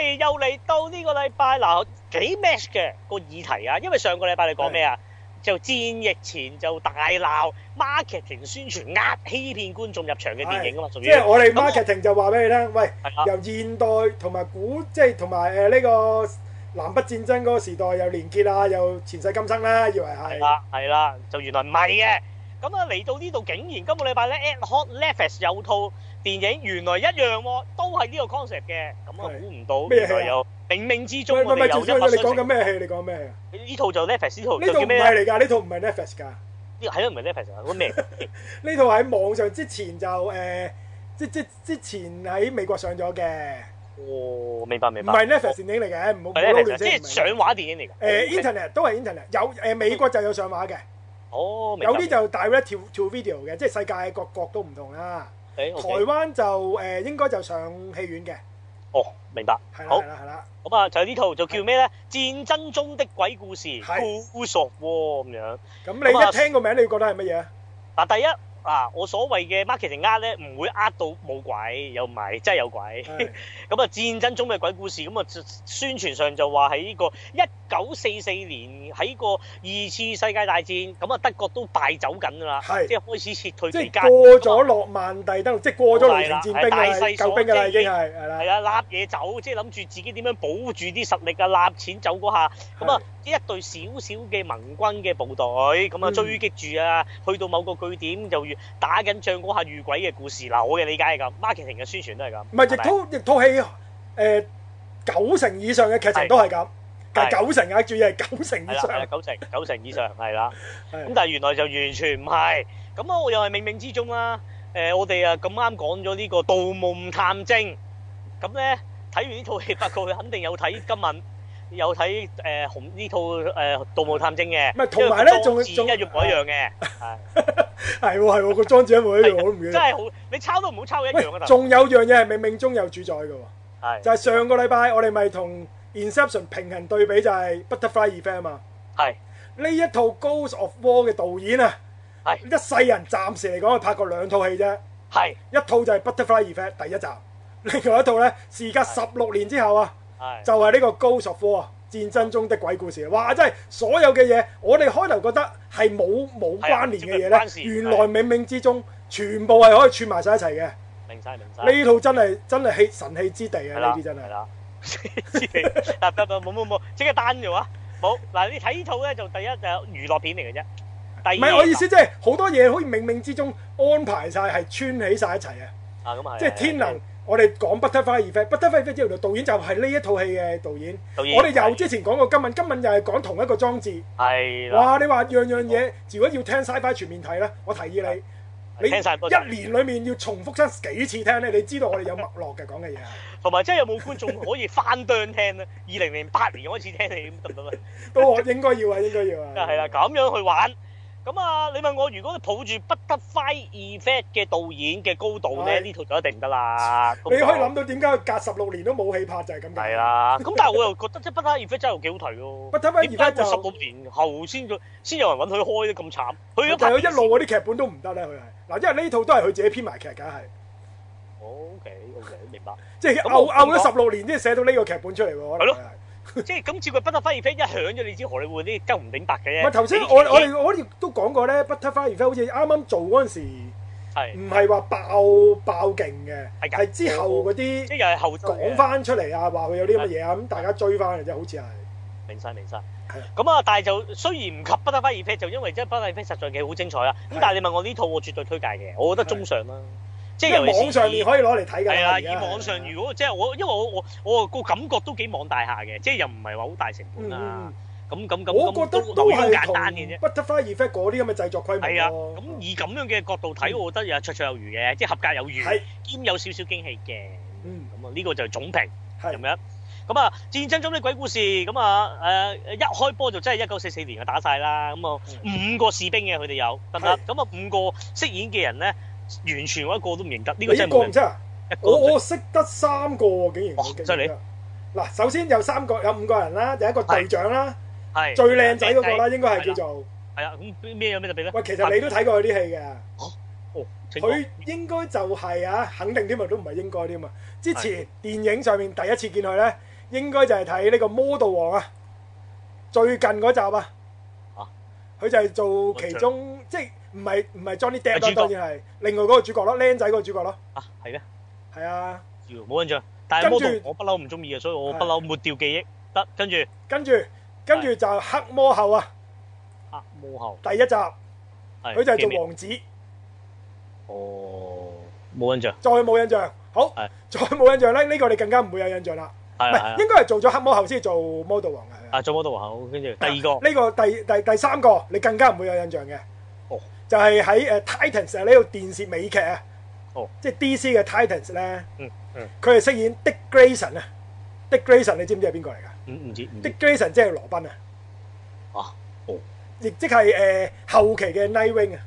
又嚟到呢個禮拜嗱，幾 match 嘅個議題啊，因為上個禮拜你講咩啊？就戰役前就大鬧 marketing 宣傳壓欺騙觀眾入場嘅電影啊嘛，即係我哋 marketing 就話俾你聽，喂，由現代同埋古，即係同埋誒呢個南北戰爭嗰個時代又連結啊，又前世今生啦，以為係係啦，就原來唔係嘅。咁啊，嚟到呢度竟然今個禮拜咧，at hot Netflix 有套電影，原來一樣喎、啊，都係呢個 concept 嘅。咁啊，估唔到原來有冥冥之中。唔唔係，最重要你講緊咩戲？你講咩戲？呢套就 Netflix 套，就叫咩？呢套唔嚟㗎，呢套唔係 Netflix 㗎。呢係咯，唔係 Netflix 我明。呢套喺網上之前就即即、呃、之前喺美國上咗嘅。哦，明白明白。唔係 Netflix 電影嚟嘅，唔好講。即上畫電影嚟嘅。誒、嗯嗯嗯、Internet 都係 Internet 有、呃、美國就有上畫嘅。哦，有啲就 Direct to to video 嘅，即係世界各國都唔同啦。Okay, okay. 台灣就誒、呃，應該就上戲院嘅。哦，明白。係啦，係啦，好啊。就呢套就叫咩咧？戰爭中的鬼故事，好索喎咁樣。咁你一聽個名、嗯，你覺得係乜嘢？啊，第一。啊！我所謂嘅 marketing 呃咧，唔會呃到冇鬼，又唔係，真係有鬼。咁啊，戰爭中嘅鬼故事，咁啊宣傳上就話喺呢個一九四四年喺個二次世界大戰，咁啊德國都敗走緊㗎喇，即係開始撤退期間，即係過咗諾曼第、嗯，即係過咗完戰兵嘅，夠兵嘅啦，已經係係啦，攬嘢走，即係諗住自己點樣保住啲實力啊，攬錢走嗰下，咁啊、嗯、一隊小小嘅盟軍嘅部隊，咁啊追擊住啊、嗯，去到某個據點就，打緊仗嗰下遇鬼嘅故事，嗱我嘅理解係咁，marketing 嘅宣傳都係咁，唔係，亦套亦套戲九成以上嘅劇情都係咁，係九成啊，仲要係九成以上，九成 九成以上係啦，咁但原來就完全唔係，咁啊又係冥冥之中啦、呃，我哋啊咁啱講咗呢個《盜夢探偵》呢，咁咧睇完呢套戲，發覺佢肯定有睇今文 有睇誒紅呢套誒《盜墓探偵》嘅，唔係同埋咧，仲一要改樣嘅，係係係個莊子一模一樣的，好唔遠，真係好，你抄都唔好抄，一樣啊！仲有樣嘢係冥冥中有主宰嘅，係就係、是、上個禮拜我哋咪同《Inception》平行對比就係《Butterfly Effect》嘛，係呢一套《Ghost of War》嘅導演啊，係一世人暫時嚟講，佢拍過兩套戲啫，係一套就係《Butterfly Effect》第一集，另外一套咧時隔十六年之後啊。就係呢個 Ghost of War，戰爭中的鬼故事，哇！真係所有嘅嘢，我哋開頭覺得係冇冇關聯嘅嘢咧，原來冥冥之中係、啊、全部係可以串埋晒一齊嘅。明曬明曬，呢套真係真係氣神棄之地啊！呢啲真係啦。冇冇冇，即係單嘅啊！冇嗱、啊啊， 你睇呢套咧，就第一就係娛樂片嚟嘅啫。唔係我意思、就係，即係好多嘢可以冥冥之中安排晒，係串起晒一齊啊！咁、嗯、啊，即係天能。我哋講《Butterfly Effect》，《Butterfly Effect》之餘，導演就係呢一套戲嘅導演。導演，我哋又之前講過金敏，金敏又係講同一個裝置。係。哇！你話樣樣嘢，如果要聽《Sci-Fi》全面睇咧，我提議你，你一年裏面要重複聽幾次聽咧，你知道我哋有脈絡嘅講嘅嘢啊。同埋，即係有冇觀眾可以翻墮聽咧？二零零八年開始聽你，得唔得啊？都我應該要啊，應該要啊。係啦，咁樣去玩。咁啊！你問我，如果你抱住《Butterfly Effect》嘅導演嘅高度咧，呢套就一定唔得啦。你可以諗到點解隔十六年都冇戲拍就係咁。係啦。咁但係我又覺得《Butterfly Effect》真係幾好睇咯。Butterfly Effect 就十六年後先先 有人揾佢開得咁慘。佢一路嗰啲劇本都唔得咧，佢係嗱，因為呢套都係佢自己編埋劇，梗係。OK，OK，明白。即係拗拗咗十六年先寫到呢個劇本出嚟喎。係咯。即係咁似佢《Butterfly Effect》一響咗，你知荷里活啲鳩唔明白嘅啫。唔係頭先我我哋我哋都講過咧，《Butterfly Effect》好似啱啱做嗰陣時，係唔係話爆爆勁嘅？係之後嗰啲即又係後講翻出嚟啊，話會有啲咁嘅嘢啊，咁大家追翻嚟啫，好似係。明晒，明晒。咁啊，但係就雖然唔及《Butterfly Effect》，就因為即係《Butterfly Effect》實在嘅好精彩啦。咁但係你問我呢套，我絕對推介嘅，我覺得中上啦。即係由網上面可以攞嚟睇㗎，係啊，以網上如果即係我，因為我我我個感覺都幾網大下嘅、嗯，即係又唔係話好大成本啊。咁咁咁咁都都好簡單嘅啫。Butterfly Effect 嗰啲咁嘅製作規模。係啊，咁以咁樣嘅角度睇、嗯，我覺得又綽綽有餘嘅，即係合格有餘，兼有少少驚喜嘅。咁、嗯、啊，呢、呢個就係總評咁樣。咁啊，戰爭中啲鬼故事咁啊，誒一開波就真係一九四四年就打晒啦。咁啊，五、嗯、個士兵嘅佢哋有得得。咁啊，五個飾演嘅人咧。完全我一個都唔認得，呢個一個唔出，我我識得三個，竟然哦，犀利！嗱，首先有三個，有五個人啦，第一個隊長啦，係最靚仔嗰個啦，應該係叫做係啊。咁咩有咩特別咧？喂，其實你都睇過佢啲戲嘅。哦，佢應該就係啊，肯定添嘛都唔係應該添嘛。之前電影上面第一次見佢咧，應該就係睇呢個 model 王啊，最近嗰集啊，啊，佢就係做其中、啊、即。唔係唔係裝啲掟咯，當然係另外嗰個主角咯，僆仔嗰個主角咯。啊，係咩？係啊。冇印象，但係魔盜王我不嬲唔中意啊，所以我不嬲抹掉記憶。得，跟住，跟住，跟住就黑魔后啊。黑魔后。第一集，佢就係做王子。哦、啊，冇印象。再冇印象，好，再冇印象咧，呢、這個你更加唔會有印象啦。係咪應該係做咗黑魔后先做魔盜王噶？啊，做魔盜王好，跟住第二個。呢、這個第第第三個，你更加唔會有印象嘅。哦。就係喺誒 Titans 啊呢套電視美劇啊，哦，即係 DC 嘅 Titans 咧、嗯，嗯嗯，佢係飾演 Dick Grayson 啊，Dick Grayson 你知唔知係邊個嚟噶？唔、嗯、唔知，知。Dick Grayson 即係羅賓啊，哦、就是，亦即係誒後期嘅 Nightwing 啊、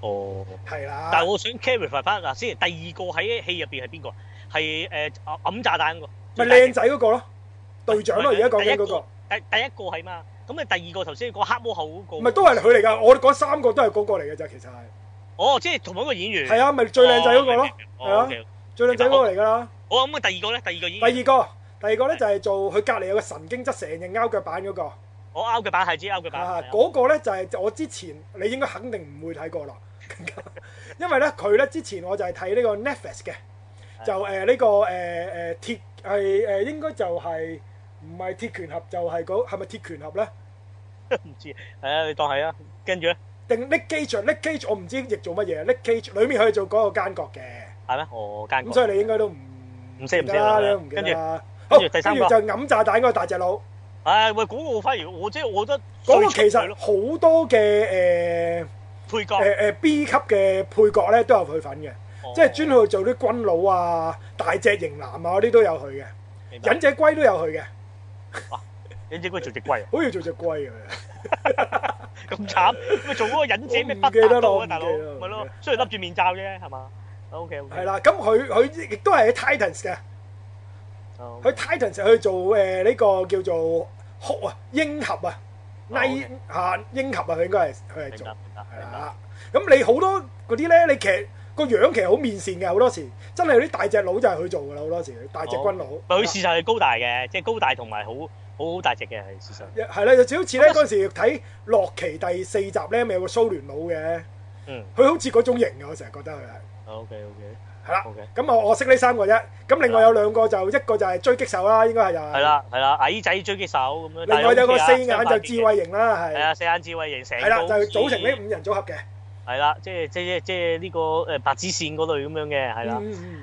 oh.，哦，係啦。但係我想 Carry 翻嗱先，第二個喺戲入邊係邊個？係誒揞炸彈嗰個。咪靚仔嗰個咯，隊長咯，而家講緊嗰個。第一個第一個係嘛？咁啊，第二個頭先嗰黑魔後嗰、那個，唔係都係佢嚟㗎。我哋嗰三個都係嗰個嚟㗎，咋，其實係。哦、oh,，即係同一個演員。係啊，咪、就是、最靚仔嗰個咯，係、oh, okay, 啊，okay. 最靚仔嗰個嚟㗎啦。哦，咁啊，第二個咧，第二個演員，第二個，第二個咧就係、是、做佢隔離有個神經質成日勾腳板嗰、那個。我、oh, 勾腳板係指勾腳板啊，嗰、那個咧就係、是、我之前，你應該肯定唔會睇過啦， 因為咧佢咧之前我就係睇呢個 Netflix 嘅，就誒呢、呃這個誒誒、呃呃、鐵係誒、呃、應該就係、是。唔係鐵拳俠就係嗰，係咪鐵拳俠咧？唔知，係啊，你當係啊。跟住咧，定匿 cage，匿 cage，我唔知亦做乜嘢。匿 cage 裏面可以做嗰個奸角嘅。係咩？哦，奸角。咁所以你應該都唔唔識唔記得啦。跟住，好，跟住第三個就揞炸彈嗰個大隻佬。唉，喂，嗰個反而我即係我覺得，嗰個其實好多嘅誒配角，誒誒 B 級嘅配角咧都有佢份嘅，即係專去做啲軍佬啊、大隻型男啊嗰啲都有佢嘅，忍者龜都有佢嘅。哇！忍者應該做隻龜啊，好似做隻龜啊，咁慘咪做嗰個忍者咩？唔記得啦，大佬咪咯，雖然笠住面罩啫，係嘛？O K，係啦。咁佢佢亦都係喺 Titans 嘅，佢 Titans 去做誒呢個叫做酷啊，英俠啊，Iron 啊，英俠啊，佢應該係佢係做係啦。咁你好多嗰啲咧，你其實。個樣其實好面善嘅，好多時真係有啲大隻佬就係佢做噶啦，好多時大隻軍佬。佢事實係高大嘅，即係高大同埋好好大隻嘅事實。係啦，就好似咧嗰陣時睇《洛奇》第四集咧，咪有個蘇聯佬嘅。嗯。佢好似嗰種型嘅，我成日覺得佢係。OK OK。係啦。OK。咁我我識呢三個啫。咁另外有兩個就一個就係狙擊手啦，應該係就係。係啦，係啦，矮仔狙擊手咁樣。另外有個四眼就智慧型啦，係。係啊，四眼智慧型成。係啦，就組成呢五人組合嘅。係啦，即係即係即係呢、這個誒白子線嗰類咁樣嘅，係啦。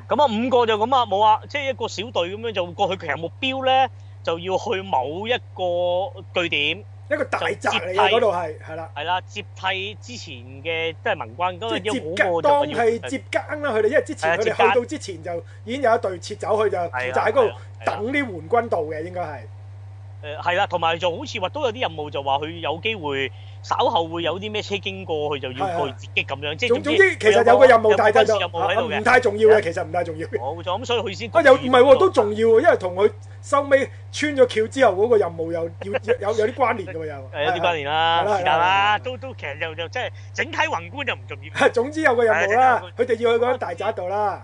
咁、嗯、啊五個就咁啊冇啊，即係一個小隊咁樣就會過去，其實目標咧，就要去某一個據點，一個大宅嚟，嗰度係，係啦，係啦，接替之前嘅都係民軍嗰個要當係接更啦，佢哋因為之前佢哋去到之前就已經有一隊撤走，佢就就喺嗰度等啲援軍到嘅應該係。誒，係啦，同埋就好似話都有啲任務，就話佢有機會稍後會有啲咩車經過，佢就要去狙擊咁樣。即係總總之，其實有個任務喺度嘅，唔太重要嘅，其實唔太重要。冇錯，咁所以佢先。啊，又唔係，都重要，因為同佢收尾穿咗橋之後嗰個任務又要有有啲關聯噶嘛，又。誒，有啲關聯啦，時間啦，都都其實就就即係整體宏觀就唔重要。總之有個任務啦，佢哋要去嗰個大宅度啦。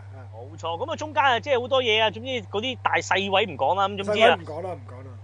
冇錯，咁啊中間啊即係好多嘢啊，總之嗰啲大細位唔講啦，咁總之啦。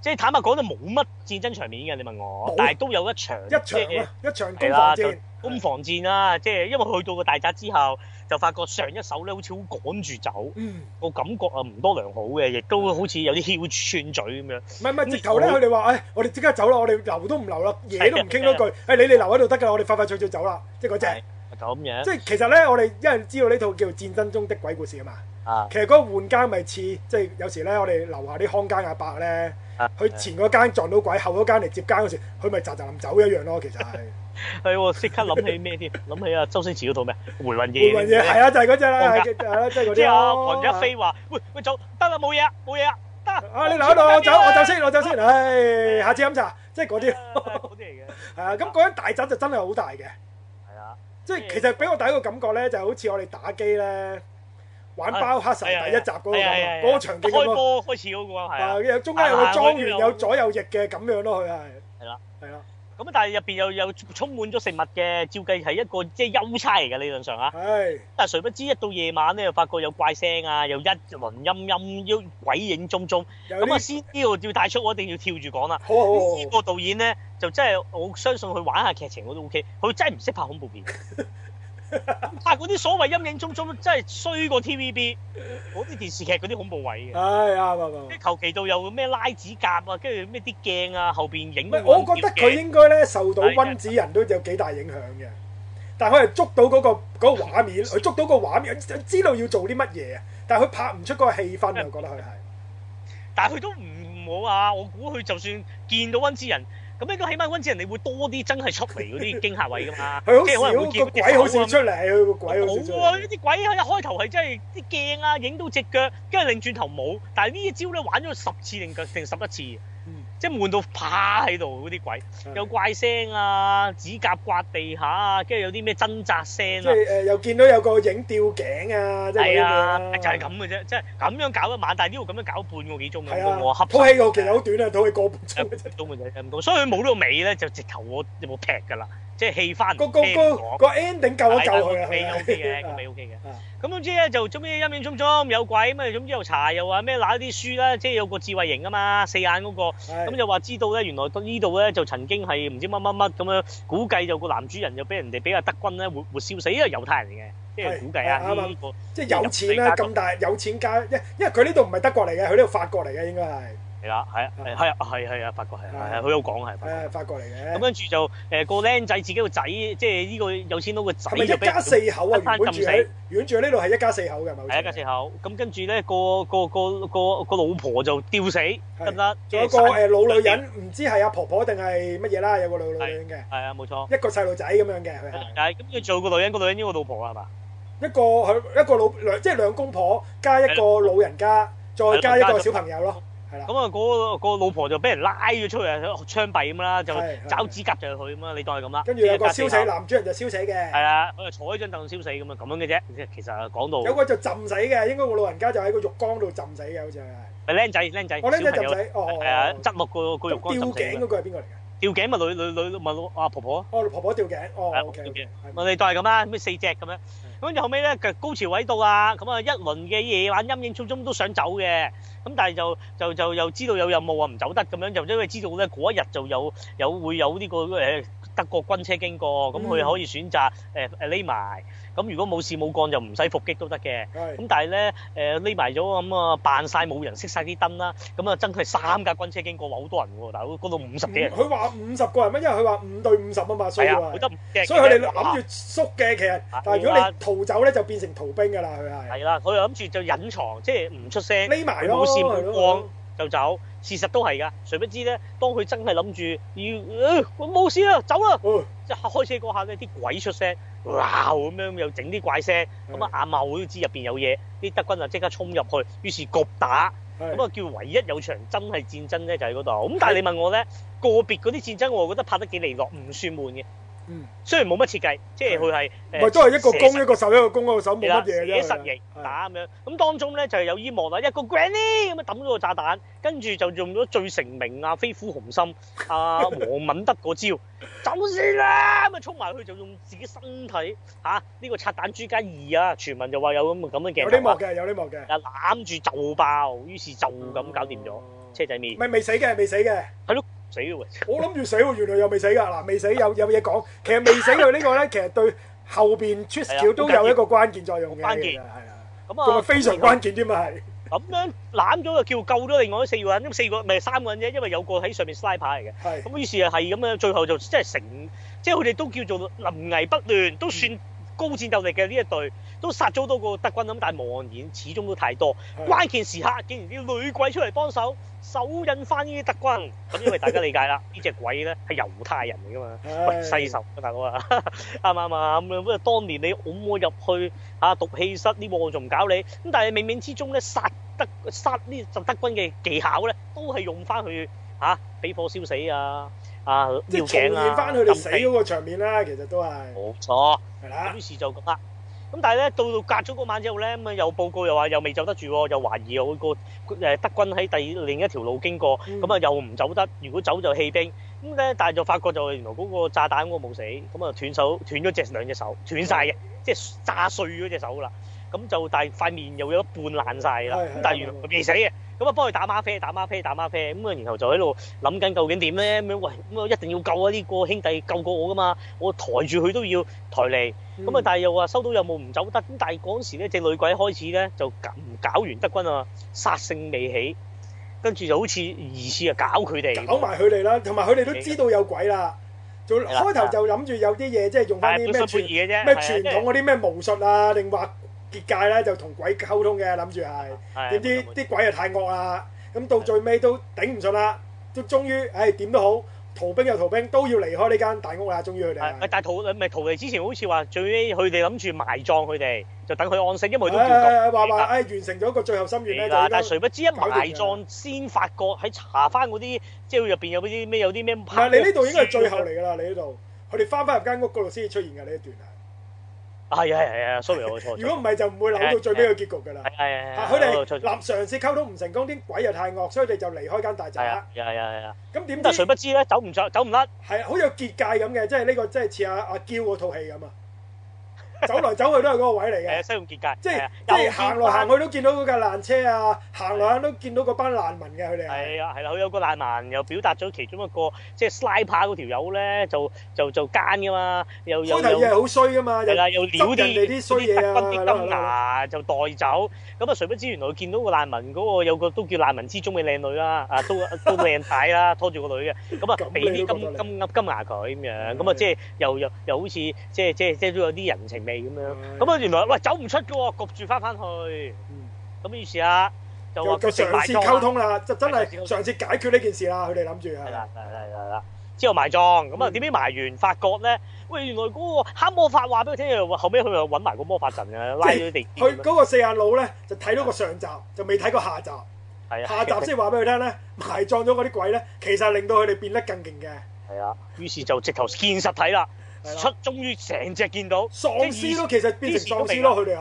即係坦白講都冇乜戰爭場面嘅，你問我，但係都有一場一場啊、呃，一場攻防戰，係攻防戰啦，即係因為去到個大宅之後，就發覺上一手咧好似好趕住走，個、嗯、感覺啊唔多良好嘅，亦都好似有啲囂串嘴咁樣。唔係唔係，直頭咧佢哋話，誒，我哋即刻走啦，我哋留都唔留啦，嘢都唔傾多句，誒、哎，你哋留喺度得㗎啦，我哋快快脆脆走啦，即係嗰隻。咁即係其實咧，我哋因為知道呢套叫《戰爭中的鬼故事》啊嘛，啊，其實個換間咪似，即係有時咧，我哋樓下啲康家阿伯咧，佢、啊、前嗰間撞到鬼，後嗰間嚟接間嗰時，佢咪雜雜冧走一樣咯，其實係。 係我即刻諗起咩添？諗 起阿周星馳嗰套咩？《回魂夜？回魂夜係啊，就係嗰隻啦，即係嗰啲。即係阿家輝話，喂喂，走得啦，冇嘢啦，冇嘢啦，得啊，你留喺度，我走，我走先，我走先，唉，下次飲茶，即係嗰啲，嗰啲嚟嘅，係啊，咁嗰間大宅就真係好大嘅。即係其實俾我第一個感覺咧，就是好似我哋打機咧，玩包黑神第一集嗰個嗰個場景咁咯，開波開始嗰個，啊，中間有個，中間有個莊園，有左右翼嘅咁樣咯，佢係係啦，係啦。咁但係入面又又充滿咗食物嘅，照計係一個即係優差嚟嘅，理論上啊。但係誰不知一到夜晚咧，又發覺有怪聲啊，又一輪陰陰，又鬼影蹤蹤。咁啊，C D 喎，要帶出我一定要跳住講啦。好好好。呢個導演咧，就真係我相信佢玩下劇情我都 OK，佢真係唔識拍恐怖片。 拍嗰啲所謂陰影憧憧，真係衰過 TVB 嗰啲電視劇嗰啲恐怖位嘅。係啱啊！即係求其到有咩拉指甲啊，跟住咩啲鏡啊，後邊影咩。我覺得佢應該咧受到溫子仁都有幾大影響嘅。但係佢係捉到嗰個嗰個畫面，佢 捉到嗰個畫面，知道要做啲乜嘢啊。但係佢拍唔出嗰個氣氛啊，我覺得佢係。但係佢都唔好啊！我估佢就算見到溫子仁。咁應該起碼溫子仁你會多啲真係出嚟嗰啲驚嚇位噶嘛？係 好少個鬼好似出嚟，個鬼好少。冇啲鬼一開頭係真係啲鏡啊，影到隻腳，跟住擰轉頭冇。但係呢一招咧玩咗十次定定十一次。即係悶到趴喺度嗰啲鬼，有怪聲啊，指甲刮地下啊，跟住有啲咩掙扎聲啊，誒、呃、又見到有個影吊頸啊，即係啊，啊，就係咁嘅啫，即係咁樣搞一晚，但係呢度咁樣搞半個幾鐘啊，我合話恰。拖個劇好短啊，到，戲個半鐘就到完咗咁多，所以佢冇呢個尾咧，就直頭我有冇劈㗎啦。即係戲翻、個 ending、那個那個、救一救佢嘅，O K 嘅，個尾 O K 嘅。咁總之咧就，就，就中意陰陰慘慘有鬼咁啊！總之查又查又話咩拿啲書啦，即係有個智慧型啊嘛，四眼嗰、嗰個。咁就話知道咧，原來到呢度咧就曾經係唔知乜乜乜咁樣，估計就個男主人就俾人哋俾阿德軍咧活活燒死，因為猶太人嚟嘅，即係估計啊呢、呢個。即係有錢啦、啊，咁大有錢家，因因為佢呢度唔係德國嚟嘅，佢呢度法國嚟嘅應該係。係啦，係啊，係啊，係係啊，法國係啊，係啊，好有講係，法國嚟嘅。咁跟住就誒個僆仔自己個仔，即係呢個有錢佬個仔，係咪一家四口啊？原本住喺原住喺呢度係一家四口嘅，係一家四口。咁跟住咧個個個個個老婆就吊死得唔得？仲有個老女人，唔知係阿婆婆定係乜嘢啦？有個老女人嘅，係啊，冇錯。一個細路仔咁樣嘅，係啊。咁要做個女人，個女人呢個老婆啊，係嘛？一個佢一個老兩即係兩公婆加一個老人家，再加一個小朋友咯。咁啊，嗰個個老婆就俾人拉咗出嚟，槍斃咁啦，就爪指甲就佢咁啦，你當係咁啦。跟住有個燒死男主人就燒死嘅。係啊，佢就坐喺張凳燒死咁啊，咁樣嘅啫。其實講到有個就浸死嘅，應該個老人家就喺個浴缸度浸死嘅好似係。係僆仔僆仔。我僆仔浸死哦。係啊，塞落個個浴缸度浸死。吊頸嗰個係邊個嚟嘅？吊頸咪女女女咪我阿婆婆。哦，婆婆吊頸哦。吊頸。你當係咁啦，咩四隻咁樣？跟住後尾咧，高潮位到啊，咁啊一輪嘅夜晚陰影之中都想走嘅，咁但係就就就又知道有任務啊，唔走得咁樣，就因為知道咧嗰一日就有有會有呢個誒德國軍車經過，咁佢可以選擇誒誒匿埋。咁如果冇事冇幹，就唔使伏擊都得嘅，咁但係咧誒匿埋咗咁啊扮晒冇人熄晒啲燈啦，咁啊真係三架軍車經過話好多人喎，大佬嗰度五十幾人？佢話五十個人咩？因為佢話五對五十啊嘛，所以話、啊。所以佢哋諗住縮嘅，其實。啊、但係如果你逃走咧，就變成逃兵㗎啦，佢係。係啦、啊，佢又諗住就隱藏，即係唔出聲。匿埋冇事冇幹就走，事實都係㗎。誰不知咧，當佢真係諗住要冇事啊，走啦！即、呃、係開車嗰下咧，啲鬼出聲。哇！咁樣又整啲怪聲，咁啊阿茂都知入面有嘢，啲德軍就即刻衝入去，於是局打，咁啊叫唯一有場真係戰爭咧就喺嗰度。咁但係你問我咧，個別嗰啲戰爭我覺得拍得幾利落，唔算悶嘅。雖然冇乜設計，即係佢係唔係都係一個攻一個守一個攻一個守冇乜嘢啫。失形打咁樣，咁當中咧就係有啲幕啦，一個 granny 咁樣抌咗個炸彈，跟住就用咗最成名啊飛虎雄心阿王、啊、 敏德嗰招，走先啦咁啊 衝埋去就用自己身體嚇呢、啊呢個拆彈豬加二啊！傳聞就話有咁嘅咁樣嘅有啲幕嘅有啲幕嘅，啊攬住就爆，於是就咁搞掂咗，車仔麵。咪未死嘅未死嘅。係咯。死喎！我諗住死喎，原來又未死噶嗱，未死有有嘢講。其實未死佢呢個咧，其實對後邊 choose 橋都有一個關鍵作用嘅。關鍵係啊，咁啊，仲係非常關鍵添啊係。咁樣攬咗就叫救咗另外嗰四個人，咁四個咪三個人啫，因為有個喺上面 slide 牌嚟嘅。係咁，於是啊係咁樣，最後就即係成，即係佢哋都叫做臨危不亂，都算。高戰鬥力嘅呢一隊都殺咗多個德軍咁，但係案言始終都太多。關鍵時刻，竟然啲女鬼出嚟幫手，手印翻呢啲德軍。咁因為大家理解啦， 這隻呢隻鬼咧係猶太人嚟㗎嘛，喂，世仇，啊，大佬啊，啱唔啱啊咁樣？不過當年你㧬我入去啊毒氣室，呢部個仲唔搞你？咁但係冥冥之中咧，殺德殺呢就德軍嘅技巧咧，都係用翻去嚇俾、啊、火燒死啊！啊,要啊！即係重現翻佢哋死嗰個場面啦、啊，其實都係冇錯，係、啊、啦。於是,、啊、是就咁啦。咁但係咧，到到隔咗嗰晚之後咧，咁啊又報告又話又未走得住，又懷疑我個誒德軍喺第另一條路經過，咁、嗯、啊又唔走得。如果走就棄兵。咁咧，但係就發覺就原來嗰個炸彈個冇死，咁啊斷手斷咗隻兩隻手，斷晒嘅，即係、嗯就是、炸碎咗隻手噶啦。咁就但係塊面又有一半爛晒啦，咁但係原來未死嘅，咁啊幫佢打嗎啡，打嗎啡，打嗎啡，咁啊然後就喺度諗緊究竟點咧？咁樣喂，咁啊一定要救啊呢、呢個兄弟，救過我噶嘛，我抬住佢都要抬嚟，咁、嗯、啊但又話收到任務唔走得，咁但係嗰陣時咧，隻女鬼開始咧就唔搞，搞完德軍啊，殺性未起，跟住就好似疑似啊搞佢哋，搞埋佢哋啦，同埋佢哋都知道有鬼啦，就開頭就諗住有啲嘢即係用翻啲咩啫。咩傳統嗰啲咩巫術啊，結界咧就同鬼溝通嘅，諗住係，點知啲鬼又太惡啦，咁到最尾都頂唔順啦，都終於唉點都好，逃兵又逃兵都要離開呢間大屋啦，終於佢哋。但係逃咪逃嚟之前好似話最尾佢哋諗住埋葬佢哋，就等佢安息，因為都叫毒。話話唉完成咗一個最後心願咧。但係誰不知一埋葬先發覺喺查翻嗰啲即係入邊有啲咩有啲咩。係你呢度應該係最後嚟㗎啦，你呢度。佢哋翻返入間屋嗰度先至出現㗎呢一段啊。係、哎、啊係啊，sorry 我錯。如果唔係就唔會扭到最尾個結局噶啦。係啊係啊，佢哋諗嘗試溝通唔成功，啲鬼又太惡，所以佢哋就離開間大宅。係啊係啊。咁點、啊？但係誰不知咧，走唔上走唔甩。係啊，好有結界咁嘅，即係呢、這個即係似阿阿嬌嗰套戲咁啊。走來走去都係嗰個位嚟嘅，係啊，使用結界，即係行來行去都見到嗰架爛車啊，行來都見到嗰班難民嘅佢哋係啊係啦，佢有個難民又表達咗其中一個，即係拉扒嗰條友咧，就就就奸噶嘛，又，又又有好衰噶嘛，係啦，又撩人哋啲衰嘢分啲金牙就袋走，咁啊誰不知原來佢見到個難民嗰個有個都叫難民之中嘅靚女啦，啊都都靚仔啦，拖住個女嘅，咁啊俾啲金金金牙佢咁樣，咁啊即係又又又好似即係即係即係都有啲人情。咁樣，咁啊原來喂，走唔出嘅喎，焗住翻翻去。咁、嗯、於是啊，就話佢上次溝通啦，就真係上次解決呢件事啦。佢哋諗住係啦，係啦，係啦。之後埋葬咁啊，點、嗯、知埋完發覺咧，喂，原來嗰個黑魔法話俾佢聽，後尾佢又揾埋個魔法陣嘅拉佢佢嗰個四眼佬咧，就睇到個上集，就未睇過下集。係啊，下集先話俾佢聽咧，埋葬咗嗰啲鬼咧，其實令到佢哋變得更勁嘅。係啊，於是就直頭現實睇啦。出終於成只見到喪屍咯，其實變成喪屍咯，佢哋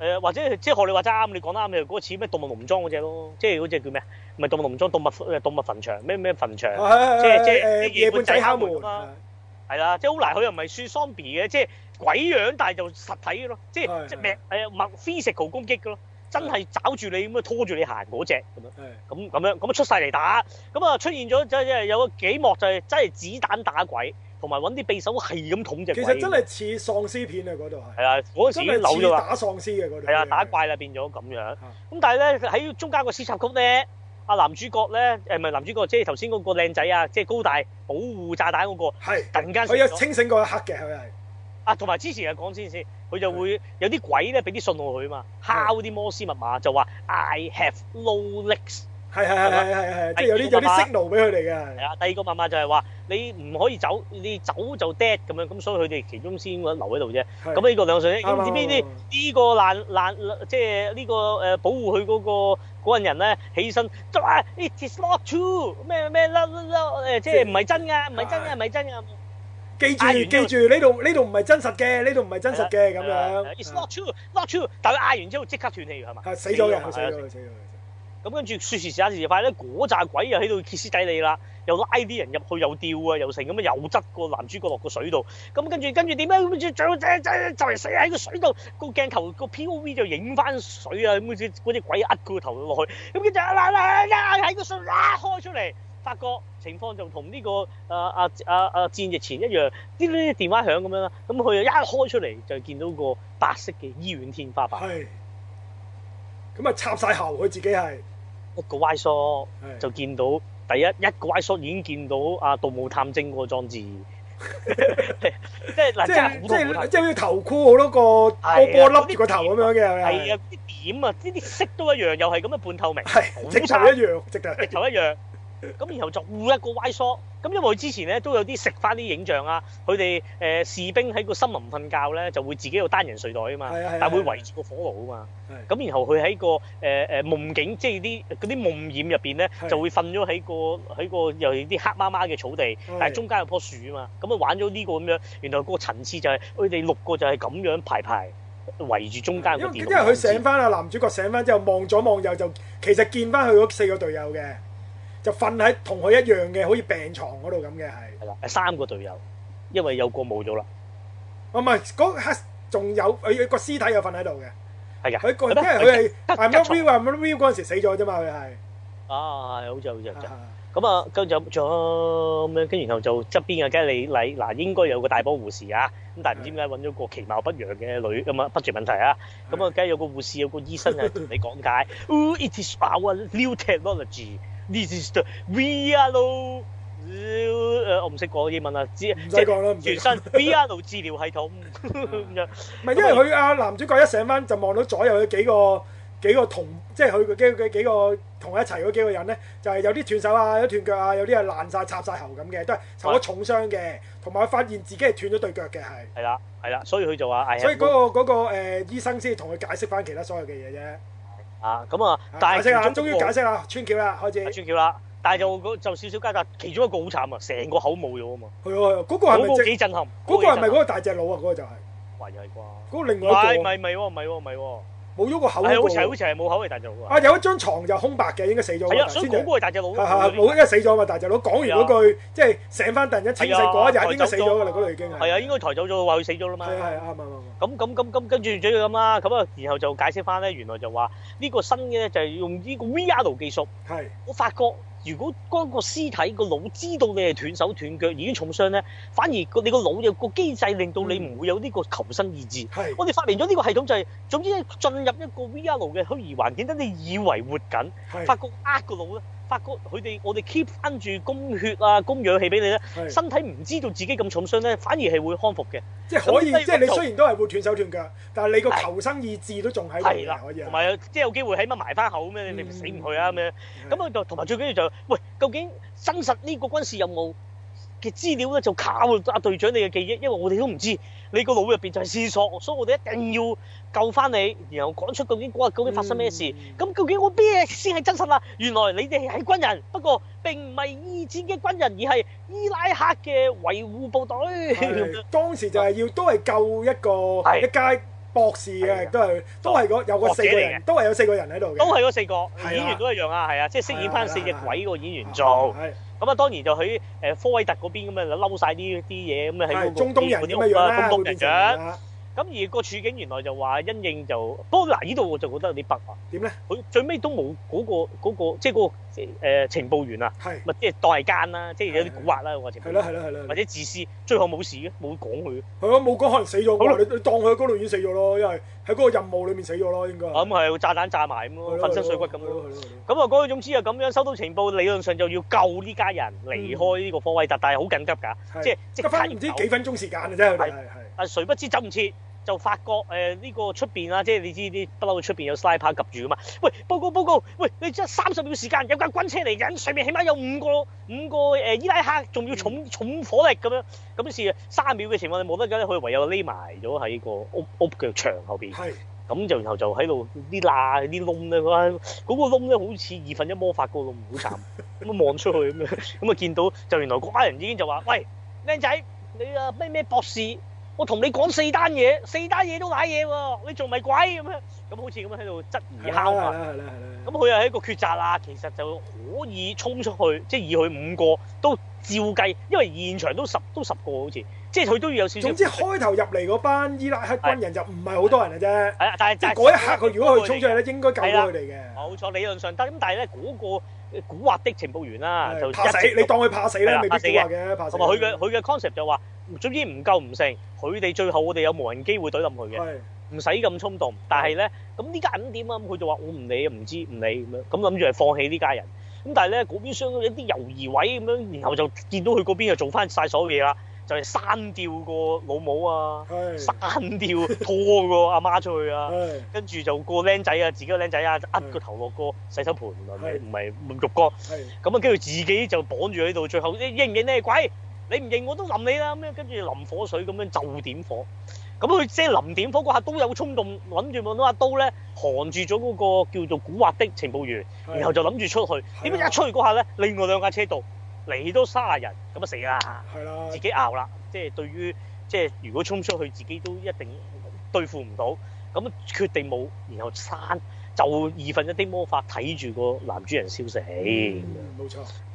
係或者即係學你話齋啱，你講得啱你嗰個似咩動物農莊嗰隻咯，即係嗰隻叫咩啊？動物農莊，動物動物墳場咩咩墳場，墳場啊啊、即係、啊、即係、啊、夜半仔敲門啊！係啦，即係好難佢又唔係算喪屍嘅，即係、就是、鬼樣是的，但係就實體嘅咯，即係即食物 physical 攻擊嘅咯，是真係抓住你咁啊，拖住你行嗰隻咁樣，咁咁樣咁啊出世嚟打咁啊出現咗即即係有個幾幕就係真係子彈打鬼。同埋揾啲匕首係咁捅隻鬼。其實真係似喪屍片啊！嗰度係。係啊，嗰陣時已經扭咗啦。真係似打喪屍嘅嗰啲。係啊，打怪啦變咗咁樣。咁、嗯、但係咧喺中間個小插曲咧，阿、啊、男主角咧誒唔係男主角，即係頭先嗰個靚仔啊，即係高大保護炸彈嗰、那個。突然間。佢有清醒過一刻嘅，佢係。啊，同埋之前又講先先，佢就會有啲鬼咧俾啲信號佢啊嘛，敲啲摩斯密碼就話 I have no legs。係係係係係係，即係有啲有啲 signal 俾佢哋嘅。係啊，第二個密碼就係話你唔可以走，你走就 dead 咁樣，咁所以佢哋其中先嗰留喺度啫。咁呢個兩歲，你知唔知呢個難難即係呢個誒保護佢嗰個嗰個人咧起身，哇！it's not true 咩咩啦啦誒，即係唔係真㗎？唔係真㗎？唔係真㗎？記住記住呢度呢度唔係真實嘅，呢度唔係真實嘅咁樣。It's not true, not true。但佢嗌完之後即刻斷氣係嘛？係死咗入去。咁跟住，時時時快咧，嗰扎鬼又喺度歇斯底里啦，又拉啲人入去，又吊啊，又成咁啊，又執個男主角落個水度。咁跟住，跟住點樣？好似就就嚟死喺個水度，個鏡頭個 P.O.V 就影翻水啊！嗰隻鬼扼佢個頭落去。咁跟住啦啦啦，喺個水啦開出嚟，發覺情況就同呢個誒誒誒誒戰役前一樣，啲電話響咁樣啦。咁佢一開出嚟就見到個白色嘅醫院天花板。係。咁啊，插晒喉，佢自己係。一個歪梳就見到第一一個歪梳 已經見到阿盜墓探偵個裝置， 真是 即係嗱，即係好多，即係好似頭箍，好多個波粒粒住個凹凹頭咁樣嘅，係啊，啲點啊，呢啲色都一樣，又係咁嘅半透明，整齊一樣，直頭直頭一樣。咁 然後就換一個歪梳。咁因為之前咧都有啲食翻啲影像啊，佢哋、呃、士兵喺個森林瞓覺咧就會自己有單人睡袋啊嘛，但會圍住個火爐啊嘛。咁然後佢喺個誒誒、呃、夢境，即係啲嗰啲夢魘入面咧就會瞓咗喺個喺個又係啲黑麻麻嘅草地，但係中間有棵樹啊嘛。咁啊玩咗呢個咁樣，原來個層次就係佢哋六個就係咁樣排排圍住中間個點。因為佢醒翻啊，男主角醒翻之後望左望右就其實見翻佢嗰四個隊友嘅。就瞓喺同佢一樣嘅，好似病床嗰度咁嘅，係。啦，三個隊友，因為有個冇咗啦。唔、啊、係，仲、那個、有佢個屍體又瞓喺度嘅。係噶。佢個，因為佢係 m a r v e 啊嗰陣時死咗啫嘛，佢係。啊，好正，好正，好正。咁啊，跟住有咁有跟住然後就側邊梗係你嚟，嗱應該有個大波護士啊。咁但係唔知點解揾咗個其貌不揚嘅女咁、嗯、啊？不著問題啊。咁啊，梗係有個護士，有個醫生啊，同 你講解。o、oh, it is our new technology. 呢啲係 VR 咯誒我唔識講英文啦，即係全身 VR 治療系統咁樣。唔係因為佢啊，男主角一醒翻就望到左右幾個幾個同即係佢嘅幾幾個，幾個同一齊嗰幾個人咧，就係有啲斷手啊，有斷腳啊，有啲係爛曬插曬喉咁嘅，都係受咗重傷嘅。同埋佢發現自己係斷咗對腳嘅，係。係啦，係啦，所以佢就話，所以嗰個嗰個誒醫生先同佢解釋翻其他所有嘅嘢啫。啊，咁啊，但係其中一個，終於解釋啦，穿橋啦，開始。穿橋啦，但就就少少加特，其中一個好慘啊，成個口冇咗啊嘛。係、那、喎、個，嗰、那個係幾震撼。嗰、那個係咪嗰個大隻佬啊？嗰、那個就係、是。還係啩？嗰、那個、另外一個。唔係唔係喎，唔係唔係冇咗個口嘅、那、喎、個，好似好似係冇口嘅大隻佬啊！有一張床就空白嘅，應該死咗啦。所以冇個大隻佬，冇應該死咗嘛，大隻佬講完嗰句，即係醒番，突然之間清醒勢嗰一日應該死咗㗎啦，嗰度已經係啊，應該抬走咗話佢死咗啦嘛。係啊，啱啱咁咁咁咁，跟住仲佢咁啦，咁啊然，然後就解釋翻咧，原來就話呢、呢個新嘅就係用呢個 VR 度技術。係我發覺。如果個屍體個腦知道你係斷手斷腳已經重傷咧，反而你個腦有個機制令到你唔會有呢個求生意志。係我哋發明咗呢個系統就係、是、總之進入一個 VR 嘅虛擬環境，等你以為活緊，發覺呃個腦咧佢哋我哋 keep 翻住供血啊、供氧氣俾你咧，身體唔知道自己咁重傷咧，反而係會康復嘅。即係可以，即係你雖然都係會斷手斷腳，的但係你個求生意志都仲喺度係啦可以。同埋即係有機會起碼埋翻口咩、嗯，你死唔去啊咁樣。咁啊就同埋最緊要就是、喂，究竟真實呢個軍事任務？嘅資料咧就靠阿隊長你嘅記憶，因為我哋都唔知你個腦入邊就係線索，所以我哋一定要救翻你，然後講出究竟嗰日究竟發生咩事。咁、嗯、究竟我咩先係真實啦？原來你哋係軍人，不過並唔係二戰嘅軍人，而係伊拉克嘅維護部隊。當時就係要都係救一個一街。博士嘅都係個學者嚟嘅，都係個有個四個人，都係有四個人喺度嘅，都係嗰四個係演員都係一樣啊，係啊，即係飾演翻四隻鬼嗰個演員做，咁啊當然就喺誒、呃、科威特嗰邊咁啊，嬲晒啲啲嘢咁啊喺個中東人嗰啲屋啊，中東人嘅。咁而個處境原來就話因應就，不過嗱呢度我就覺得有啲白話。點咧？佢最尾都冇嗰、嗰個即係、嗰個誒、即係嗰個呃、情報員啊，係咪即係當係奸啦，即、就、係、是、有啲蠱惑啦，我直覺。係啦係啦係啦。或者自私，最後冇事嘅，冇講佢。係咯，冇講可能死咗。好啦，你你當佢喺嗰度已經死咗咯，因為喺嗰個任務裡面死咗咯，應該。咁、嗯、係炸彈炸埋咁咯，粉身碎骨咁咯。咁啊，嗰句總之啊，咁樣收到情報理論上就要救呢家人離開呢個科威特、嗯，但係好緊急㗎，即係即係差唔知幾分鐘時間㗎啫。啊！誰不知走唔切就發覺誒呢、呃呢個出邊啦，即係你知啲不嬲，出邊有沙包夾住噶嘛？喂！報告報告！喂！你即係三十秒時間有架軍車嚟緊，上面起碼有五個五個誒、呃、伊拉克，仲要重重火力咁樣咁於是，三十秒嘅情況你冇得救，佢唯有匿埋咗喺個屋屋腳牆後邊。係咁就然後就喺度啲罅啲窿咧，哇、嗰個！嗰、嗰個窿咧、嗰個、好似二分一魔法個窿，好慘咁啊！望 出去咁啊，咁啊見到就原來嗰班人已經就話： 喂，靚仔，你啊咩咩博士？我同你講四單嘢，四單嘢都賴嘢喎，你仲咪鬼咁樣？咁好似咁喺度質疑敲啊！咁佢又係一個抉擇啦，其實就可以衝出去，即係以佢五個都照計，因為現場都十都十個好似，即係佢都要有少少。總之開頭入嚟嗰班伊拉克軍人就唔係好多人嘅啫。係啊，但係嗰一刻佢如果佢衝出去咧，應該救到佢哋嘅。冇錯，理論上得咁，但係咧嗰個蠱惑的情報員啦，就死。你當佢怕死咧，未必嘅。同埋佢嘅佢嘅 concept 就話。總之唔夠唔勝，佢哋最後我哋有無人機會懟冧佢嘅，唔使咁衝動。但係咧，咁呢家人點啊？佢就話我唔理，唔知唔理咁樣，咁諗住係放棄呢家人。咁但係咧，嗰邊相當一啲猶疑位咁樣，然後就見到佢嗰邊就做翻晒所有嘢啦，就係刪掉個老母啊，刪掉拖個阿媽出去啊，跟住就個僆仔啊，自己個僆仔啊，呃個頭落個洗手盆啊，唔係唔係浴缸，咁啊，跟住自己就綁住喺度，最後應唔應呢鬼？你唔認我都淋你啦，咁樣跟住淋火水咁樣就點火，咁佢即係淋點火嗰下都有衝動，諗住問阿刀咧，含住咗嗰個叫做古惑的情報員，然後就諗住出去。點解一出去嗰下咧，另外兩架車度嚟都卅人，咁啊死啦，自己拗啦。即係對於即係如果衝出去，自己都一定對付唔到，咁決定冇，然後生，就二分一啲魔法睇住個男主人燒死。冇錯、嗯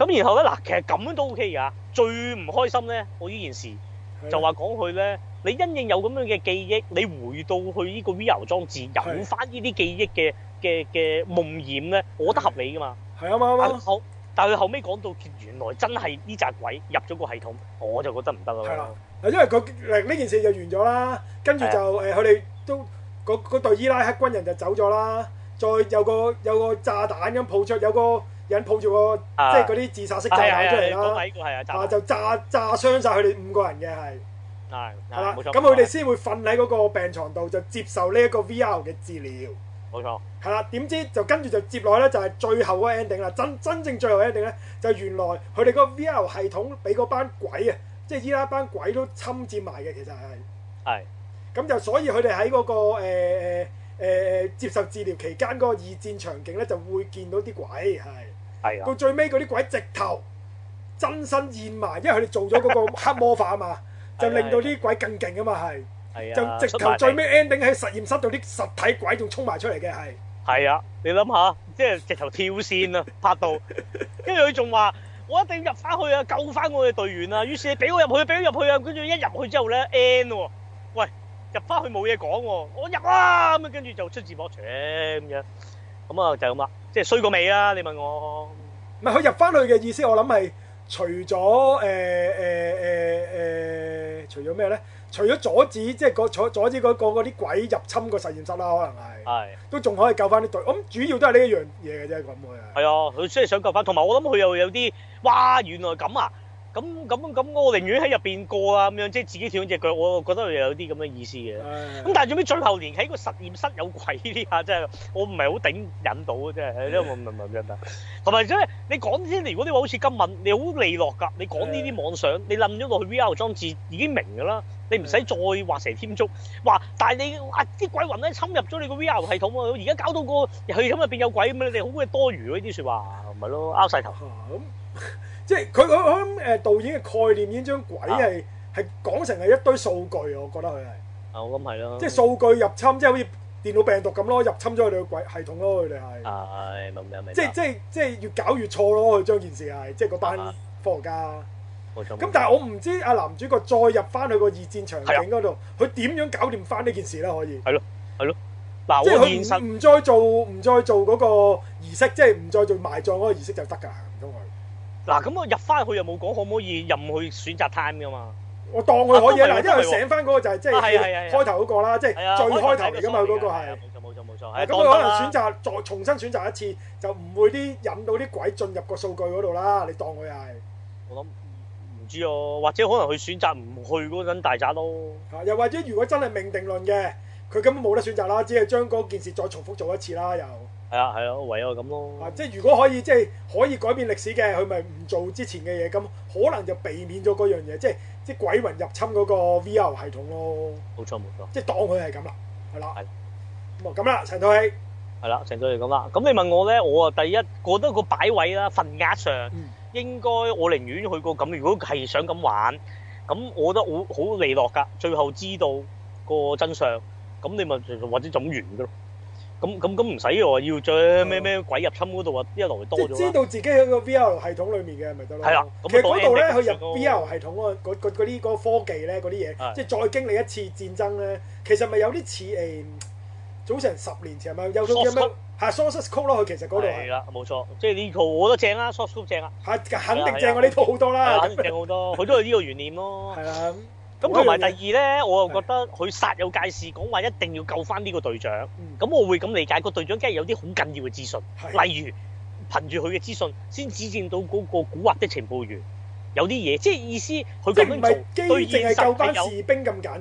咁然後咧，嗱，其實咁樣都 OK 㗎。最唔開心咧，我呢件事就話講佢咧，你因應有咁樣嘅記憶，你回到去呢個 VR 裝置，有翻呢啲記憶嘅嘅嘅夢魘咧，我覺得合理噶嘛。係啊，啱啱。好，但係佢後尾講到原來真係呢紮鬼入咗個系統，我就覺得唔得啦。係啦，因為佢，呢件事就完咗啦。跟住就佢哋、呃、都嗰隊伊拉克軍人就走咗啦。再有個有個炸彈咁抱出有個。人抱住、嗰個、啊、即係嗰啲自殺式炸彈出嚟啦，啊就炸炸傷晒佢哋五個人嘅係，係啦，冇錯。咁佢哋先會瞓喺嗰個病床度，就接受呢一個 VR 嘅治療，冇錯。係啦，點知就跟住就接落咧，就係最後個 ending 啦。真真正最後 ending 咧，就原來佢哋個 VR 系統俾嗰班鬼啊，即係依家班鬼都侵佔埋嘅，其實係係咁就，所以佢哋喺嗰個誒誒、呃呃、接受治療期間嗰個二戰場景咧，就會見到啲鬼係。係係、啊、到最尾嗰啲鬼直頭真身現埋，因為佢哋做咗嗰個黑魔法嘛 啊嘛，就令到啲鬼更勁啊嘛，係、啊、就直頭最尾 ending 喺實驗室度，啲實體鬼仲衝埋出嚟嘅係。係啊，你諗下，即係直頭跳線啊，拍到，跟住佢仲話我一定入翻去啊，救翻我嘅隊員啊，於是俾我入去啊，俾佢入去啊，跟住一入去之後咧 end 喎，喂入翻去冇嘢講喎，我入啊，咁啊跟住就出字幕咁樣，咁啊就咁啦。即係衰過未啊？你問我，唔係佢入翻去嘅意思我想，我諗係除咗誒誒誒誒，除咗咩咧？除咗阻止，即係個阻阻止嗰個啲鬼入侵個實驗室啦，可能係，係都仲可以救翻啲隊。我諗主要都係呢一樣嘢嘅啫，咁佢係。係啊，佢雖然想救翻，同埋我諗佢又有啲哇，原來咁啊！咁咁咁，我寧願喺入面過啊，咁樣即係自己跳隻腳，我覺得有啲咁嘅意思嘅。咁、嗯、但係最屘最後連喺個實驗室有鬼呢下真係，我唔係好頂忍到嘅真係。因為我問問得。同埋即係你講啲，如果你話好似今日你好利落㗎，你講呢啲妄想，你冧咗落去 VR 裝置已經明㗎啦，你唔使再畫蛇添足話。但係你話啲鬼魂咧侵入咗你個 VR 系統啊，而家搞到個入去咁入邊有鬼，咁你哋好鬼多餘呢啲説話，咪、就、咯、是，拗晒頭。嗯即係佢佢佢咁誒導演嘅概念已經將鬼係係講成係一堆數據，我覺得佢係。啊，我咁係咯。即係數據入侵，即係好似電腦病毒咁咯，入侵咗佢哋個鬼系統咯，佢哋係。啊，明白明白。即係即係即係越搞越錯咯，佢將件事係即係嗰班科學家。冇錯。咁但係我唔知阿男主角再入翻去個二戰場景嗰度，佢點樣搞掂翻呢件事咧？可以。係咯，係咯。嗱，即係佢唔唔再做唔再做嗰個儀式，即係唔再做埋葬嗰個儀式就得㗎。嗱、啊、咁我入翻去又冇講可唔可以任佢選擇 time 噶嘛？我當佢可以。嗱、啊，因為佢醒翻嗰個就係即係開頭嗰個啦，即係最開頭嚟噶嘛，佢嗰個係。冇錯冇錯冇錯，咁佢可能選擇再重新選擇一次，就唔會啲引到啲鬼進入個數據嗰度啦。你當佢係。我諗唔知哦、啊，或者可能佢選擇唔去嗰陣大宅咯。又或者如果真係命定論嘅，佢根本冇得選擇啦，只係將嗰件事再重複做一次啦又。係啊，係啊，唯有咁咯。啊，即係如果可以，即、就、係、是、可以改變歷史嘅，佢咪唔做之前嘅嘢，咁可能就避免咗嗰樣嘢，即係即係鬼魂入侵嗰個 VR 系統咯。冇錯冇錯。即係當佢係咁啦，係啦。係。咁啊，咁啦、啊，陳導係係啦，陳導係咁啦。咁、啊、你問我咧，我啊第一覺得個擺位啦，份額上、嗯、應該我寧願去過咁，如果係想咁玩，咁我覺得好好利落噶。最後知道個真相，咁你咪或者就咁完噶咯。咁咁咁唔使喎，要再咩咩鬼入侵嗰度啊，一來多咗。知道自己喺個 VR 系統裡面嘅，咪得咯。係啦，其實嗰度咧，佢入 VR 系統啊，嗰啲嗰科技咧，嗰啲嘢，即係再經歷一次戰爭咧，其實咪有啲似誒，早成十年前咁，有套叫咩？係 Source Code 咯，佢其實嗰度。係啦，冇錯，即係呢套我都正啦，Source Code 正啊。係肯定正過呢套好多啦，肯定好多，肯定好多。佢 都有呢個原念咯。係啦。咁同埋第二咧，我又覺得佢煞有介事講話一定要救翻呢個隊長，咁、嗯、我會咁理解個隊長，梗係有啲好緊要嘅資訊，嗯、例如憑住佢嘅資訊先指證到嗰個古惑的情報員有啲嘢，即係意思佢咁樣做即對現實係有。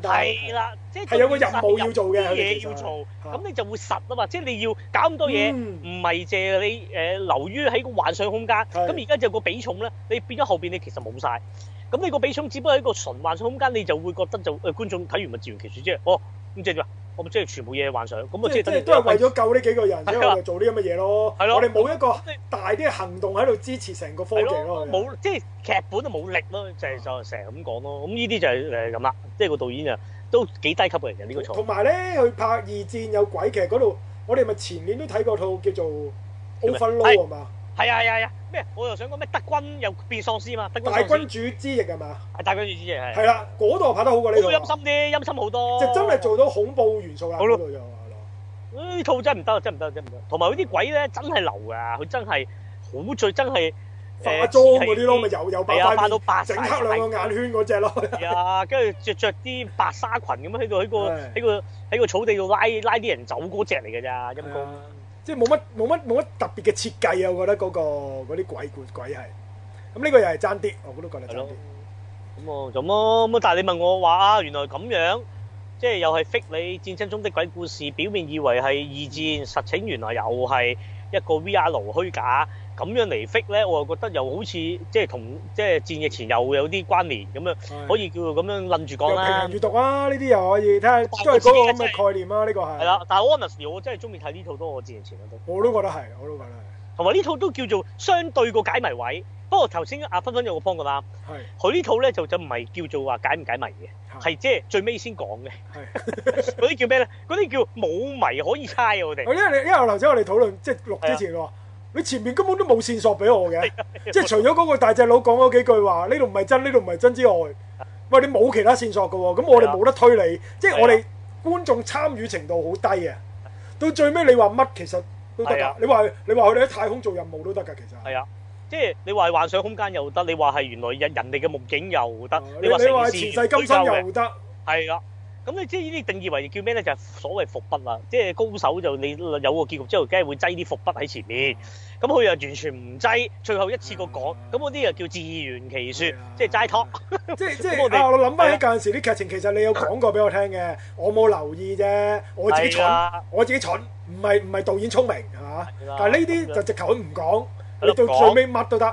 係啦，即係有個任務要做嘅，有嘢要做，咁你就會實啊嘛，即係你要搞咁多嘢，唔係借你流、呃、於喺個幻想空間。咁而家就個比重咧，你變咗後面，你其實冇晒。咁、那、你個比重只不過係一個純幻想空間，你就會覺得就誒、呃、觀眾睇完咪自然其樹啫。哦，咁即係點啊？我咪即係全部嘢幻想，咁啊、就是、即係即是都係為咗救呢幾個人，所以就做呢咁嘅嘢咯。係咯，我哋冇一個大啲行動喺度支持成個科技咯。冇即係劇本都冇力咯，就是啊、就成日咁講咯。咁呢啲就係誒咁啦。即係個導演啊，都幾低級嘅其實呢個錯。同埋咧，佢拍二戰有鬼劇嗰度，我哋咪前年都睇過套叫做 Overlord，是是《Overlord》啊嘛。係啊係啊係啊！咩，啊啊啊？我又想講咩？德軍又變喪屍嘛？大君主之役係嘛？係、啊、大君主之役係。係啦，啊，嗰度拍得好過呢度，啊。陰森啲，陰森好多。即真係做到恐怖元素啦。嗰度又係咯。呢、啊、套真唔得，真唔得，真唔得。同埋佢啲鬼咧，真係流真真、呃、啊！佢真係好醉，真係、啊、化妝嗰啲咯，咪又又扮到白色，整黑兩個眼圈嗰隻咯。係啊，跟住着着啲白紗裙咁樣喺度，喺個喺個喺個草地度拉拉啲人走嗰隻嚟噶咋陰公。陰即係冇乜冇乜冇乜特別嘅設計啊！我覺得嗰個嗰啲鬼故鬼係咁，呢個又係爭啲，我覺得覺得爭啲。咁啊咁啊！咁但係你問我話啊，原來咁樣，即係又係 fit 你戰爭中的鬼故事，表面以為係二戰，實情原來又係一個 VR 虛假。咁樣嚟 fit 咧，我又覺得又好似即係同即係戰役前又有啲關聯咁樣，可以叫做咁樣諗住講啦、啊。又平行閱讀啊，呢啲又可以睇下，即係嗰咁嘅概念啊。呢、呢個係係啦，但係《Oneus》我真係中意睇呢套多過我戰疫前嗰套。我都覺得係，我都覺得係。同埋呢套都叫做相對個解謎位，不過頭先阿芬芬有個 point 㗎嘛，佢呢套咧就就唔係叫做話解唔解謎嘅，係即係最尾先講嘅。嗰啲 叫咩咧？嗰啲叫冇謎可以猜我哋。因為因為頭先我哋討論即係錄之前你前面根本都冇線索俾我嘅，即係、啊啊、除咗嗰個大隻佬講嗰幾句話，呢度唔係真，呢度唔係真之外，喂、啊，你冇其他線索㗎，咁我哋冇得推理，係啊、即係我哋觀眾參與程度好低啊！到最尾你話乜其實都得㗎、啊，你話你話佢哋喺太空做任務都得㗎，其實係啊，即係你話幻想空間又得，你話係原來人人哋嘅夢境又得、啊，你話前世今生又得，係啦、啊。咁你即係呢啲定義為叫咩咧？就係、是、所謂伏筆啦。即係高手就你有個結局之後，梗係會擠啲伏筆喺前面。咁佢又完全唔擠，最後一次個講，咁嗰啲又叫自圓其說，即係齋托。即、啊、即係 我諗翻喺嗰陣時啲劇情，其實你有講過俾我聽嘅，我冇留意啫、啊。我自己蠢，我自己蠢，唔係唔係導演聰明係嘛、啊啊？但呢啲就直頭佢唔講，你到最尾乜都得。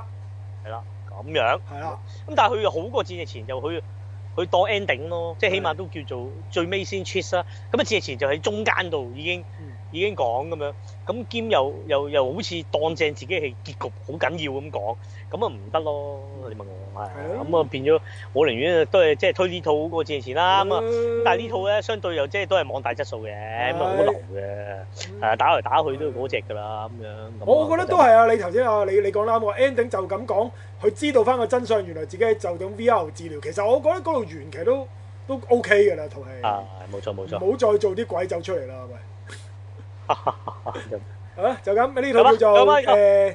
係啦、啊，咁樣。係啦、啊。咁、啊、但係佢又好過戰役前就去。佢當 ending 咯，即係起碼都叫做最尾先 cheat 啦。咁啊，之前就喺中間度已經已經講咁樣。咁兼又又又好似當正自己係結局，好緊要咁講。咁啊唔得咯，你問我係咁啊變咗，我寧願都係即係推呢套嗰個戰爭啦。咁、嗯、啊，但係呢套咧相對又即係都係網大質素嘅，唔係好流嘅。誒、嗯、打嚟打去都係嗰隻㗎啦，咁、嗯、樣。我覺得都係啊，你頭先啊，你你講啦，我 ending 就咁講，佢知道翻個真相，原來自己就咁 VR 治療。其實我覺得嗰套原劇都都 OK 㗎啦，套戲。啊，冇錯冇錯，唔好再做啲鬼走出嚟啦，係 咪 係咯，就咁呢套叫做誒。